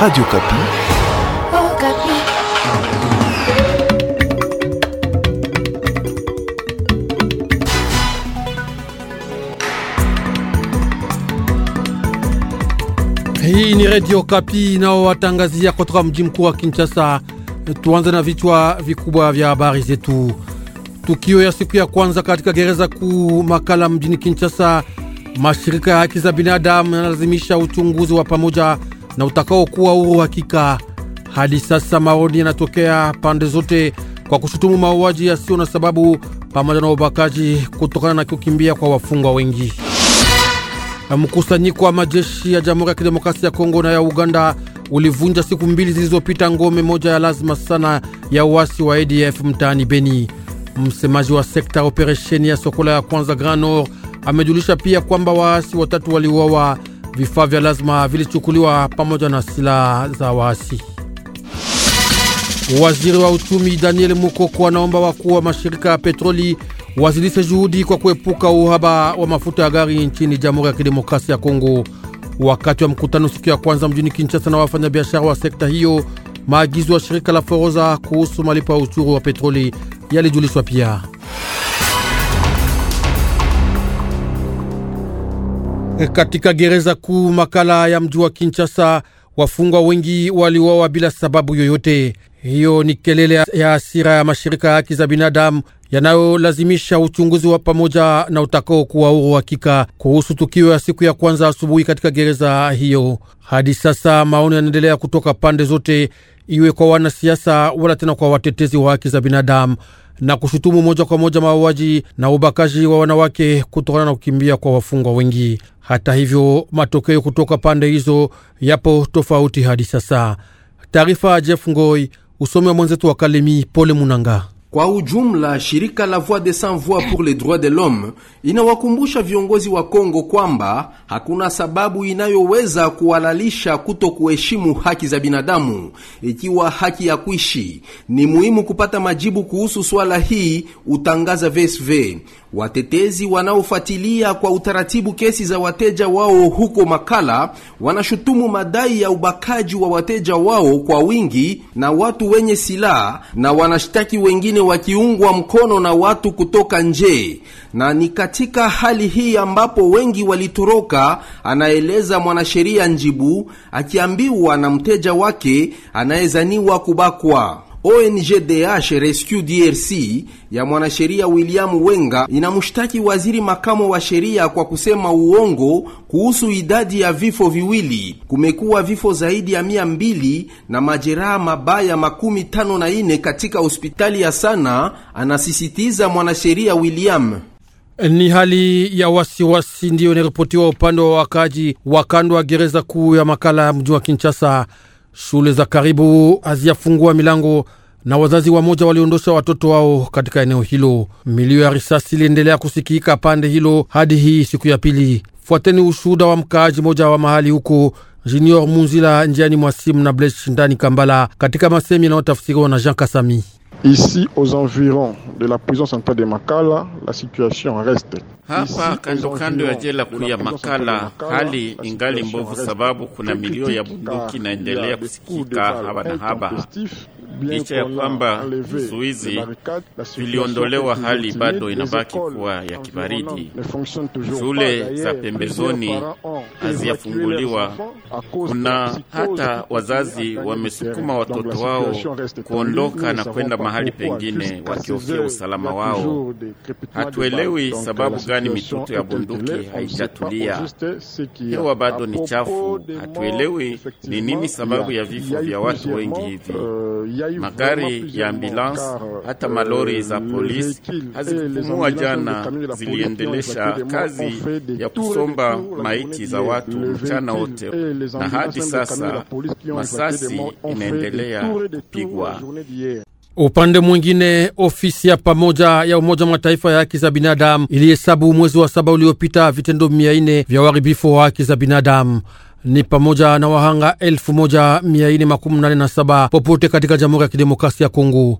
Radio Kapi. Oh, Kapi. Hii ni Radio Kapi watangazia kutoka mji mkuu wa Kinshasa. Tuanze na vichwa vikubwa vya habari zetu. Tukio ya siku ya kwanza katika gereza kuu Makala mjini Kinshasa, mashirika ya haki za binadamu yanalazimisha uchunguzi wa pamoja na utakaokuwa huru hakika. Hadi sasa maoni yanatokea pande zote kwa kushutumu mauaji yasiyo na sababu pamoja na ubakaji kutokana na kukimbia kwa wafungwa wengi. Mkusanyiko wa majeshi ya Jamhuri ya Kidemokrasia ya Kongo na ya Uganda ulivunja siku mbili zilizopita ngome moja ya lazima sana ya uasi wa ADF mtaani Beni. Msemaji wa sekta operesheni ya Sokola ya kwanza Grand Nord amejulisha pia kwamba waasi watatu waliuawa vifaa vya lazima vilichukuliwa pamoja na silaha za waasi. Waziri wa uchumi Daniel Mukoko anaomba wakuu wa mashirika ya petroli wazidishe juhudi kwa kuepuka uhaba wa mafuta ya gari nchini Jamhuri ya Kidemokrasia ya Kongo. Wakati wa mkutano siku ya kwanza mjini Kinshasa na wafanyabiashara wa sekta hiyo, maagizo ya shirika la forodha kuhusu malipo ya ushuru wa petroli yalijulishwa pia. Katika gereza kuu makala ya mji wa Kinshasa, wafungwa wengi waliuawa bila sababu yoyote. Hiyo ni kelele ya asira ya mashirika ya haki za binadamu yanayolazimisha uchunguzi wa pamoja na utakao kuwa huru hakika kuhusu tukio ya siku ya kwanza asubuhi katika gereza hiyo. Hadi sasa maoni yanaendelea kutoka pande zote, iwe kwa wanasiasa wala tena kwa watetezi wa haki za binadamu, na kushutumu moja kwa moja mauaji na ubakaji wa wanawake kutokana na kukimbia kwa wafungwa wengi. Hata hivyo, matokeo kutoka pande hizo yapo tofauti hadi sasa. Taarifa Jeff Ngoi Usome wa mwenzetu wa Kalemi, Pole Munanga. Kwa ujumla, shirika la Voix des Sans Voix pour les droits de l'homme inawakumbusha viongozi wa Kongo kwamba hakuna sababu inayoweza kuhalalisha kuto kuheshimu haki za binadamu, ikiwa haki ya kuishi. Ni muhimu kupata majibu kuhusu swala hii, utangaza VSV. Watetezi wanaofuatilia kwa utaratibu kesi za wateja wao huko Makala wanashutumu madai ya ubakaji wa wateja wao kwa wingi na watu wenye silaha, na wanashtaki wengine wakiungwa mkono na watu kutoka nje. Na ni katika hali hii ambapo wengi walitoroka, anaeleza mwanasheria Njibu, akiambiwa na mteja wake anayezaniwa kubakwa. ONGDH Rescue DRC ya mwanasheria William Wenga inamshtaki waziri makamo wa sheria kwa kusema uongo kuhusu idadi ya vifo viwili. Kumekuwa vifo zaidi ya mia mbili na majeraha mabaya makumi tano na ine katika hospitali ya Sana, anasisitiza mwanasheria William. Ni hali ya wasiwasi ndiyo inaripotiwa upande wa wakaji wa kando wa gereza kuu ya makala ya mji wa Kinshasa. Shule za karibu haziyafungua milango na wazazi wamoja waliondosha watoto wao katika eneo hilo. Milio ya risasi iliendelea kusikika pande hilo hadi hii siku ya pili. Fuateni ushuhuda wa mkaaji moja wa mahali huko Junior Munzila njiani mwa simu na Blesh ndani Kambala, katika masemi yanayotafsiriwa na Jean Kasami. Ici aux environs de la prison centrale de Makala, la situation reste hapa kando kando ya jela kuu ya Makala hali ingali mbovu, sababu kuna milio ya bunduki inaendelea kusikika haba na haba. Licha ya kwamba vizuizi viliondolewa, hali bado inabaki kuwa ya kibaridi. Shule za pembezoni haziyafunguliwa. Kuna hata wazazi wamesukuma watoto wao kuondoka na kwenda mahali pengine, wakihofia usalama wao. Hatuelewi sababu gani gani mitutu ya bunduki haijatulia, hewa bado ni chafu. Hatuelewi ni nini sababu ya vifo vya watu wengi hivi. Euh, Magari ya ambulance hata euh, malori za polisi hazikupumua jana, ziliendelesha kazi ya kusomba maiti za watu mchana wote, na hadi sasa masasi inaendelea kupigwa. Upande mwingine ofisi ya pamoja ya Umoja wa Mataifa ya haki za binadamu ilihesabu mwezi wa saba uliopita vitendo mia nne vya uharibifu wa haki za binadamu ni pamoja na wahanga elfu moja mia nne makumi nane na saba popote katika Jamhuri ya Kidemokrasia ya Kongo.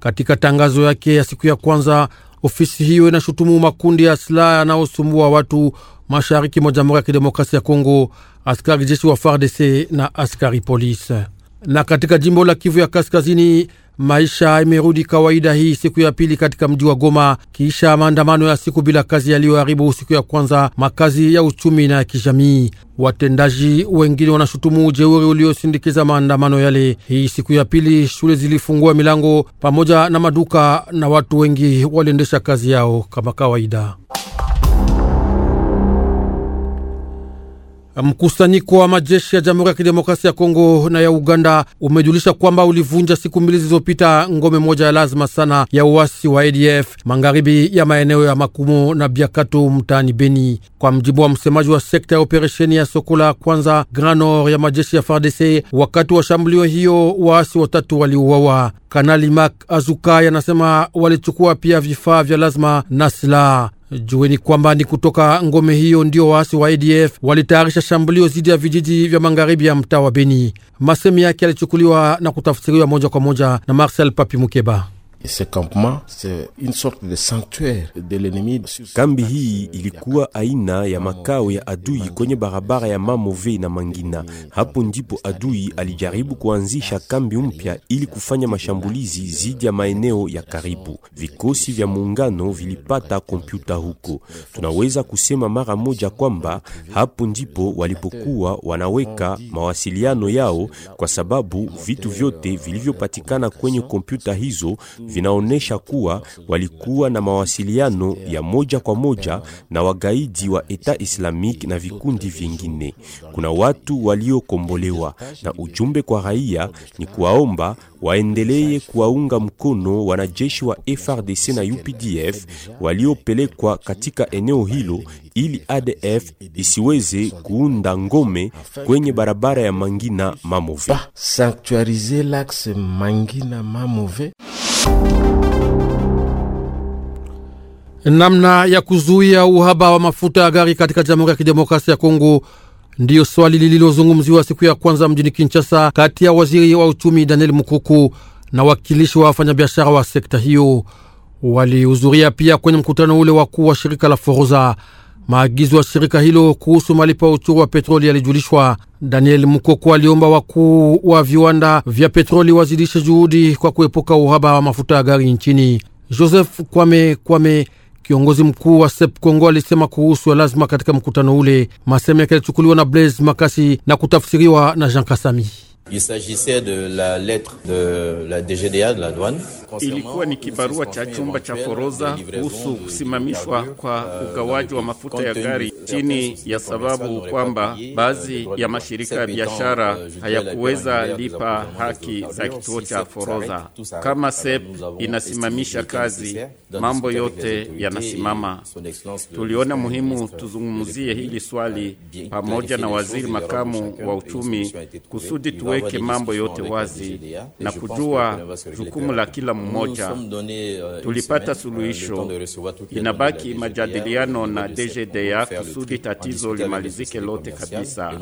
Katika tangazo yake ya siku ya kwanza, ofisi hiyo inashutumu makundi ya silaha yanayosumbua watu mashariki mwa Jamhuri ya Kidemokrasia ya Kongo, askari jeshi wa FARDC na askari polisi. Na katika jimbo la Kivu ya Kaskazini, Maisha imerudi kawaida hii siku ya pili katika mji wa Goma kisha maandamano ya siku bila kazi yaliyoharibu siku ya kwanza makazi ya uchumi na ya kijamii. Watendaji wengine wanashutumu ujeuri uliosindikiza maandamano yale. Hii siku ya pili shule zilifungua milango pamoja na maduka na watu wengi waliendesha kazi yao kama kawaida. Mkusanyiko wa majeshi ya Jamhuri ya Kidemokrasia ya Kongo na ya Uganda umejulisha kwamba ulivunja siku mbili zilizopita ngome moja ya lazima sana ya uasi wa ADF magharibi ya maeneo ya Makumo na Biakatu mtaani Beni. Kwa mjibu wa msemaji wa sekta ya operesheni ya Sokola kwanza Grand Nord ya majeshi ya FARDC, wakati wa shambulio hiyo waasi watatu waliuawa. Kanali Mak Azukai anasema walichukua pia vifaa vya lazima na silaha. Jueni kwamba ni kutoka ngome hiyo ndio waasi wa ADF walitayarisha shambulio dhidi ya vijiji vya magharibi ya mtaa wa Beni. Masemi yake yalichukuliwa na kutafsiriwa moja kwa moja na Marcel Papi Mukeba. Kambi hii ilikuwa aina ya makao ya adui kwenye barabara ya Mamove na Mangina. Hapo ndipo adui alijaribu kuanzisha kambi mpya ili kufanya mashambulizi zidi ya maeneo ya karibu. Vikosi vya muungano vilipata kompyuta huko. Tunaweza kusema mara moja kwamba hapo ndipo walipokuwa wanaweka mawasiliano yao, kwa sababu vitu vyote vilivyopatikana kwenye kompyuta hizo vinaonyesha kuwa walikuwa na mawasiliano ya moja kwa moja na wagaidi wa Eta Islamic na vikundi vingine. Kuna watu waliokombolewa, na ujumbe kwa raia ni kuwaomba waendelee kuwaunga mkono wanajeshi wa FRDC na UPDF waliopelekwa katika eneo hilo ili ADF isiweze kuunda ngome kwenye barabara ya Mangina Mamove. Sanctuariser l'axe Mangina Mamove. Namna ya kuzuia uhaba wa mafuta ya gari katika Jamhuri ya Kidemokrasia ya Kongo ndiyo swali lililozungumziwa siku ya kwanza mjini Kinshasa kati ya waziri wa uchumi Daniel Mukuku na wakilishi wa wafanyabiashara wa sekta hiyo. Walihudhuria pia kwenye mkutano ule wakuu wa shirika la Foroza. Maagizo ya shirika hilo kuhusu malipo ya uchuru wa petroli yalijulishwa. Daniel Mukoko aliomba wakuu wa viwanda vya petroli wazidishe juhudi kwa kuepuka uhaba wa mafuta ya gari nchini. Joseph Kwame Kwame Kiongozi mkuu wa SEP Kongo alisema kuhusu lazima katika mkutano ule. Maseme yake yalichukuliwa na Blaise Makasi na kutafsiriwa na Jean Kasami. Il s'agissait de la lettre de la DGDA de la douane. Ilikuwa ni kibarua cha chumba cha forodha kuhusu kusimamishwa kwa euh, ugawaji wa mafuta ya gari chini ya sababu kwamba euh, baadhi ya mashirika ya biashara euh, hayakuweza lipa haki za kituo cha forodha. Kama SEP inasimamisha kazi, mambo yote yanasimama. Tuliona muhimu tuzungumzie hili swali pamoja na waziri makamu wa uchumi kusudi tuweke tuweke mambo yote wazi na kujua jukumu la kila mmoja. Euh, tulipata suluhisho, euh, inabaki majadiliano na DGDA kusudi tatizo limalizike lote kabisa.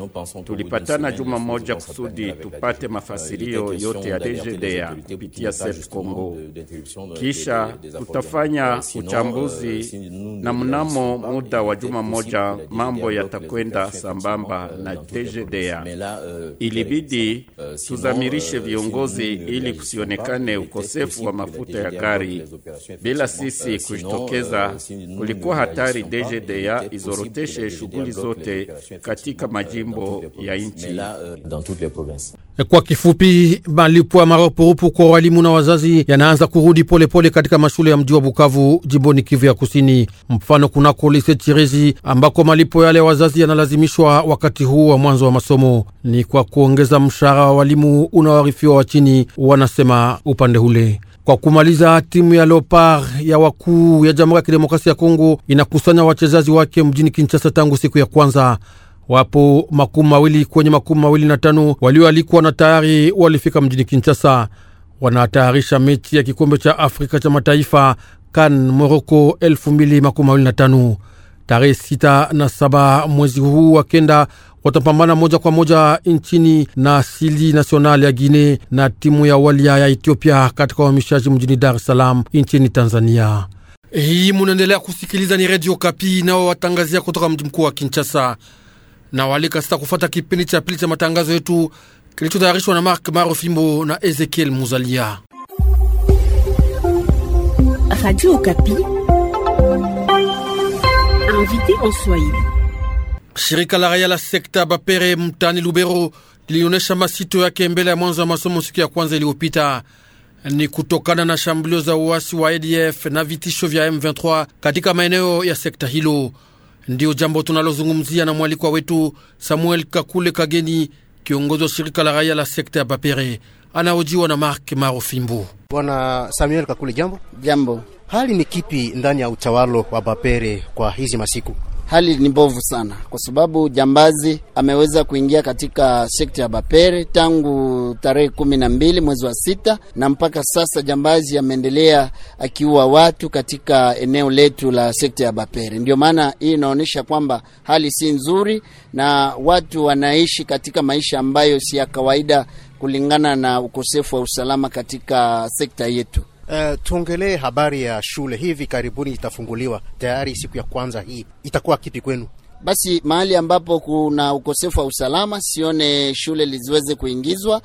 Tulipatana juma moja kusudi tupate euh, mafasirio yote ya DGDA kupitia SEF Congo, kisha tutafanya uchambuzi na mnamo muda wa juma moja mambo yatakwenda sambamba na DGDA. Ilibidi Eh, tuzamirishe eh, viongozi eh, ili kusionekane ukosefu wa mafuta ya gari. Bila sisi kujitokeza, kulikuwa hatari DGDA izoroteshe shughuli zote katika euh, majimbo ya nchi. Euh, kwa kifupi, malipo ya marupurupu kwa walimu na wazazi yanaanza kurudi polepole pole katika mashule ya mji wa Bukavu, jimboni Kivu ya Kusini, mfano kunako lise Chirizi, ambako malipo yale ya wazazi yanalazimishwa wakati huu wa mwanzo wa masomo ni kwa kuongeza mshahara mshahara wa walimu unaoarifiwa wa chini, wanasema upande ule. Kwa kumaliza, timu ya Leopard ya wakuu ya Jamhuri ya Kidemokrasia ya Kongo inakusanya wachezaji wake mjini Kinshasa tangu siku ya kwanza. Wapo makumi mawili kwenye makumi mawili na tano walioalikwa na tayari walifika mjini Kinshasa. Wanatayarisha mechi ya kikombe cha Afrika cha mataifa kan moroko 2025 tarehe 6 na 7 mwezi huu wa kenda watapambana moja kwa moja nchini na asili national ya Guine na timu ya walia ya Ethiopia katika uhamishaji mjini Dar es Salaam nchini Tanzania. Hii munaendelea kusikiliza ni Radio Kapi nao watangazia kutoka mji mkuu wa Kinshasa na walika sasa kufata kipindi cha pili cha matangazo yetu kilichotayarishwa na Mark Maro Fimbo na Ezekiel Muzalia. Radio Kapi invité en Swahili Shirika la raia la sekta Bapere mtani Lubero lilionyesha masito yake mbele ya mwanzo wa masomo siku ya kwanza iliyopita. Ni kutokana na shambulio za uasi wa ADF na vitisho vya M23 katika maeneo ya sekta hilo. Ndiyo jambo tunalozungumzia na mwalikwa wetu Samuel Kakule Kageni, kiongozi wa shirika la raia la sekta ya Bapere, anaojiwa na Mark Marofimbo. Bwana Samuel Kakule, jambo. Jambo, hali ni kipi ndani ya utawalo wa Bapere kwa hizi masiku? hali ni mbovu sana, kwa sababu jambazi ameweza kuingia katika sekta ya Bapere tangu tarehe kumi na mbili mwezi wa sita, na mpaka sasa jambazi ameendelea akiua watu katika eneo letu la sekta ya Bapere. Ndio maana hii inaonyesha kwamba hali si nzuri na watu wanaishi katika maisha ambayo si ya kawaida kulingana na ukosefu wa usalama katika sekta yetu. Uh, tuongelee habari ya shule. Hivi karibuni itafunguliwa tayari, siku ya kwanza hii itakuwa kipi kwenu? Basi mahali ambapo kuna ukosefu wa usalama, sione shule liziweze kuingizwa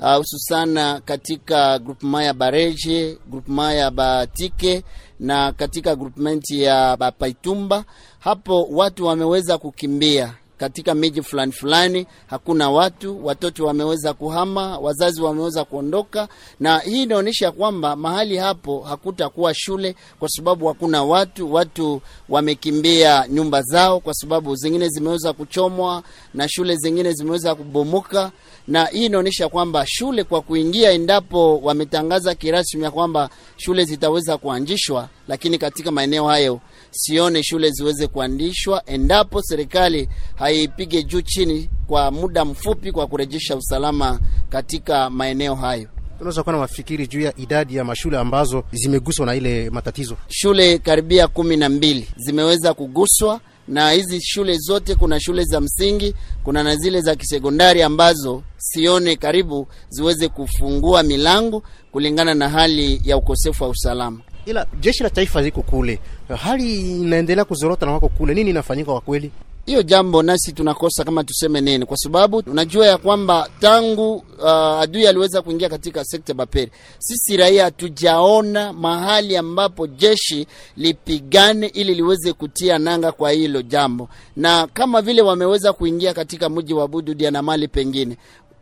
ah, hususan uh, katika grupema ya Bareje, groupement ya Batike na katika grupmenti ya Bapaitumba. Hapo watu wameweza kukimbia katika miji fulani fulani hakuna watu, watoto wameweza kuhama, wazazi wameweza kuondoka, na hii inaonyesha kwamba mahali hapo hakutakuwa shule kwa sababu hakuna watu, watu wamekimbia nyumba zao kwa sababu zingine zimeweza kuchomwa na shule zingine zimeweza kubomoka, na hii inaonyesha kwamba shule kwa kuingia, endapo wametangaza kirasmi ya kwamba shule zitaweza kuanzishwa, lakini katika maeneo hayo sione shule ziweze kuandishwa endapo serikali haipige juu chini kwa muda mfupi kwa kurejesha usalama katika maeneo hayo. Unaweza kuwa na mafikiri juu ya idadi ya mashule ambazo zimeguswa na ile matatizo. Shule karibia kumi na mbili zimeweza kuguswa na hizi shule zote. Kuna shule za msingi, kuna na zile za kisekondari ambazo sione karibu ziweze kufungua milango kulingana na hali ya ukosefu wa usalama ila jeshi la taifa ziko kule, hali inaendelea kuzorota na wako kule. Nini inafanyika kwa kweli? Hiyo jambo nasi tunakosa kama tuseme nini, kwa sababu unajua ya kwamba tangu uh, adui aliweza kuingia katika sekta Baperi, sisi raia hatujaona mahali ambapo jeshi lipigane ili liweze kutia nanga kwa hilo jambo, na kama vile wameweza kuingia katika mji wa Bududia na mali pengine,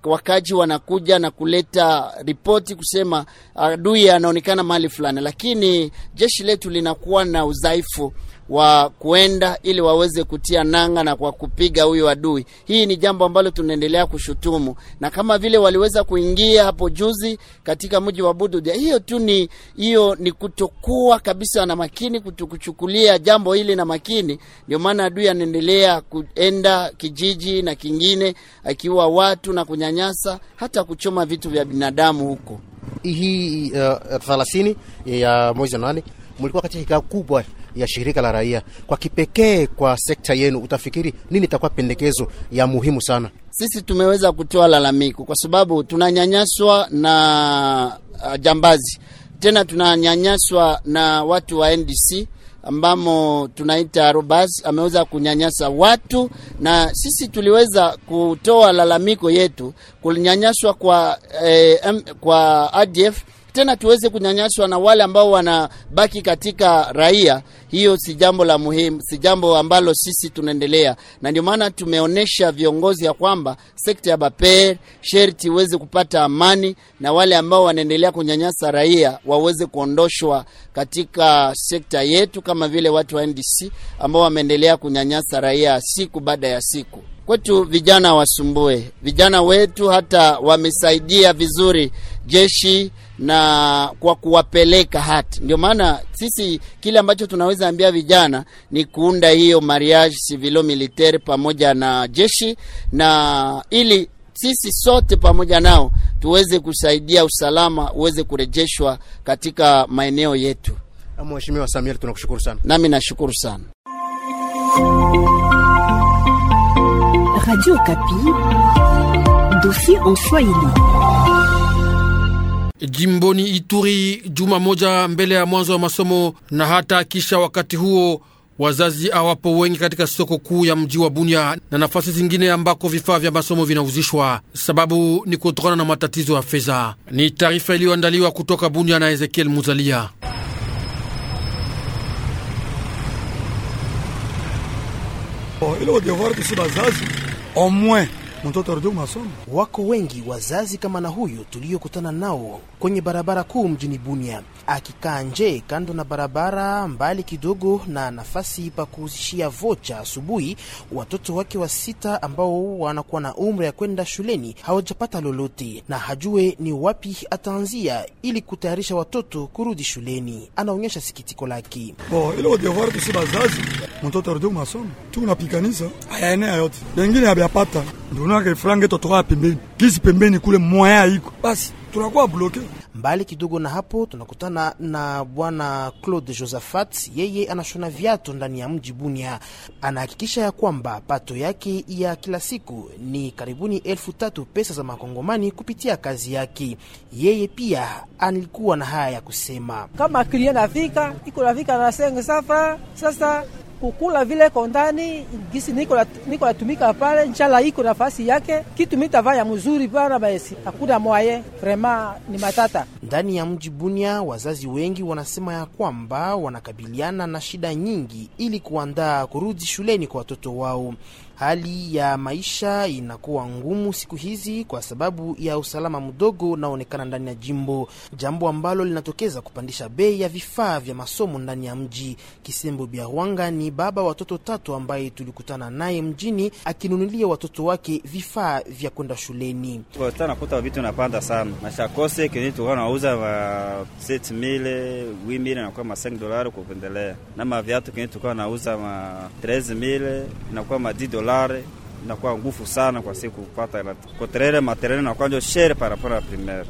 wakaji wanakuja na kuleta ripoti kusema adui anaonekana mahali fulani, lakini jeshi letu linakuwa na udhaifu wa kuenda ili waweze kutia nanga na kwa kupiga huyo adui. Hii ni jambo ambalo tunaendelea kushutumu, na kama vile waliweza kuingia hapo juzi katika mji wa Bududa, hiyo tu ni hiyo ni kutokuwa kabisa na makini, kutokuchukulia jambo hili na makini. Ndio maana adui anaendelea kuenda kijiji na kingine, akiua watu na kunyanyasa, hata kuchoma vitu vya binadamu huko. Hii uh, eh, 30 eh, ya mwezi wa nane mlikuwa katika kikao kubwa ya shirika la raia kwa kipekee kwa sekta yenu, utafikiri nini itakuwa pendekezo ya muhimu sana? Sisi tumeweza kutoa lalamiko kwa sababu tunanyanyaswa na uh, jambazi tena tunanyanyaswa na watu wa NDC ambamo tunaita Robas ameweza kunyanyasa watu, na sisi tuliweza kutoa lalamiko yetu kunyanyaswa kwa, eh, kwa ADF tena tuweze kunyanyaswa na wale ambao wanabaki katika raia. Hiyo si jambo la muhimu, si jambo ambalo sisi tunaendelea, na ndio maana tumeonyesha viongozi ya kwamba sekta ya Baper sherti iweze kupata amani na wale ambao wanaendelea kunyanyasa raia waweze kuondoshwa katika sekta yetu, kama vile watu wa NDC ambao wameendelea kunyanyasa raia siku baada ya siku. Kwetu vijana wasumbue, vijana wetu hata wamesaidia vizuri jeshi na kwa kuwapeleka hata. Ndio maana sisi kile ambacho tunaweza ambia vijana ni kuunda hiyo mariage civilo militaire pamoja na jeshi, na ili sisi sote pamoja nao tuweze kusaidia usalama uweze kurejeshwa katika maeneo yetu. Mheshimiwa Samir, tunakushukuru sana. Nami nashukuru sana. Radio Kapi, dossier en Swahili jimboni Ituri juma moja mbele ya mwanzo wa masomo, na hata kisha wakati huo wazazi awapo wengi katika soko kuu ya mji wa Bunia na nafasi zingine ambako vifaa vya masomo vinauzishwa. Sababu ni kutokana na matatizo ya fedha. Ni taarifa iliyoandaliwa kutoka Bunia na Ezekiel Muzalia. Oh, mtoto arudi masomo. Wako wengi wazazi kama na huyo tuliokutana nao kwenye barabara kuu mjini Bunia, akikaa nje kando na barabara mbali kidogo na nafasi pa kuuzishia vocha asubuhi. Watoto wake wa sita ambao wanakuwa na umri ya kwenda shuleni hawajapata lolote na hajue ni wapi ataanzia ili kutayarisha watoto kurudi shuleni. Anaonyesha sikitiko lake. mtoto arudi masomo tunapikanisa ayaenea yote bengine abyapata ndonake frange totokaa pembeni kisi pembeni kule mwaya iko basi tunakuwa bloke mbali kidogo na hapo tunakutana na bwana Claude Josaphat. Yeye anashona viatu ndani ya mji Bunia. Anahakikisha ya kwamba pato yake ya kila siku ni karibuni elfu tatu pesa za makongomani kupitia kazi yake. Yeye pia alikuwa na haya ya kusema, kama akili nafika iko nafika na sengi safra sasa kukula vile ndani gisi niko niko natumika pale, njala iko nafasi yake, kitu mitavaya mzuri bwana basi hakuna mwaye vraiment ni matata ndani ya mji Bunia. Wazazi wengi wanasema ya kwamba wanakabiliana na shida nyingi ili kuandaa kurudi shuleni kwa watoto wao. Hali ya maisha inakuwa ngumu siku hizi kwa sababu ya usalama mdogo unaoonekana ndani ya jimbo, jambo ambalo linatokeza kupandisha bei ya vifaa vya masomo ndani ya mji. Kisembo Biarwanga ni baba watoto tatu ambaye tulikutana naye mjini akinunulia watoto wake vifaa vya kwenda shuleni. Nakuta vitu napanda sana nauza 7000 nakuwa ma 5 dolari kupendelea, na maviatu nauza ma 13000 nakuwa ma 10 dolari dolare inakuwa ngufu sana kwa siku kupata koterere materene na kwanza shere parapora na primaire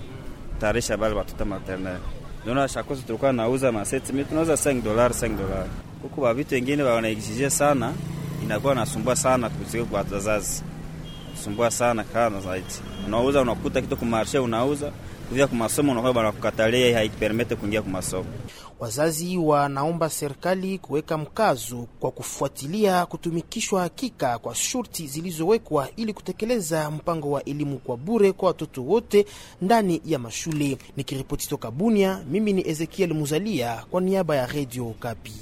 tarisha bale batuta maternel ndio shakosi tulikuwa nauza ma 7000 tunauza 5 dollars 5 dollars huko ba vitu wengine ba wanaexige sana inakuwa nasumbua sana kusikia kwa wazazi sumbua sana kana zaidi unauza unakuta kitu kumarshe unauza kuja kwa masomo unakuwa bana kukatalia, haikupermete kuingia kwa masomo. Wazazi wanaomba serikali kuweka mkazo kwa kufuatilia kutumikishwa hakika kwa shurti zilizowekwa ili kutekeleza mpango wa elimu kwa bure kwa watoto wote ndani ya mashule. Nikiripoti toka Bunia, mimi ni Ezekiel Muzalia kwa niaba ya Radio Kapi.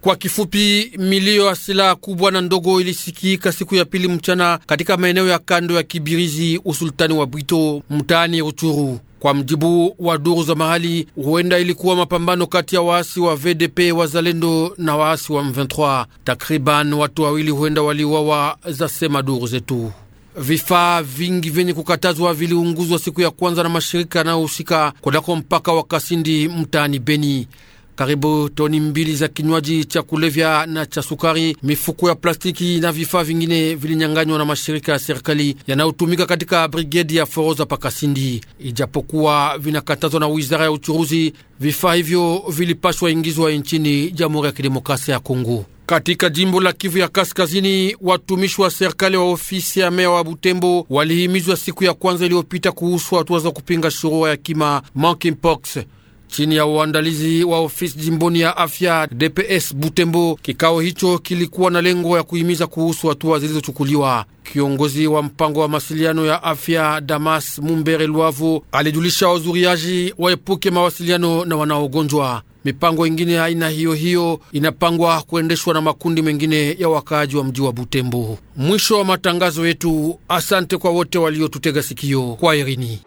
Kwa kifupi, milio ya silaha kubwa na ndogo ilisikika siku ya pili mchana katika maeneo ya kando ya Kibirizi, usultani wa Bwito, mtaani Ruchuru. Kwa mjibu wa duru za mahali, huenda ilikuwa mapambano kati ya waasi wa VDP wazalendo na waasi wa M23. Takriban watu wawili huenda waliuawa, zasema duru zetu. Vifaa vingi vyenye kukatazwa viliunguzwa siku ya kwanza na mashirika yanayohusika kunako mpaka wa Kasindi mtaani Beni karibu toni mbili za kinywaji cha kulevya na cha sukari, mifuko ya plastiki na vifaa vingine vilinyanganywa na mashirika ya serikali yanayotumika katika brigedi ya Foroza Pakasindi. Ijapokuwa vinakatazwa na wizara ya uchuruzi, vifaa hivyo vilipashwa ingizwa nchini Jamhuri ya Kidemokrasia ya Kongo. Katika jimbo la Kivu ya Kaskazini, watumishi wa serikali wa ofisi ya meya wa Butembo walihimizwa siku ya kwanza iliyopita kuhusu hatua za kupinga shurua ya kima monkeypox chini ya uandalizi wa ofisi jimboni ya afya DPS Butembo. Kikao hicho kilikuwa na lengo ya kuhimiza kuhusu hatua zilizochukuliwa. Kiongozi wa mpango wa mawasiliano ya afya Damas Mumbere Lwavu alijulisha wazuriaji waepuke mawasiliano na wanaogonjwa. Mipango ingine ya aina hiyo hiyo inapangwa kuendeshwa na makundi mengine ya wakaaji wa mji wa Butembo. Mwisho wa matangazo yetu. Asante kwa wote waliotutega sikio. Kwa herini.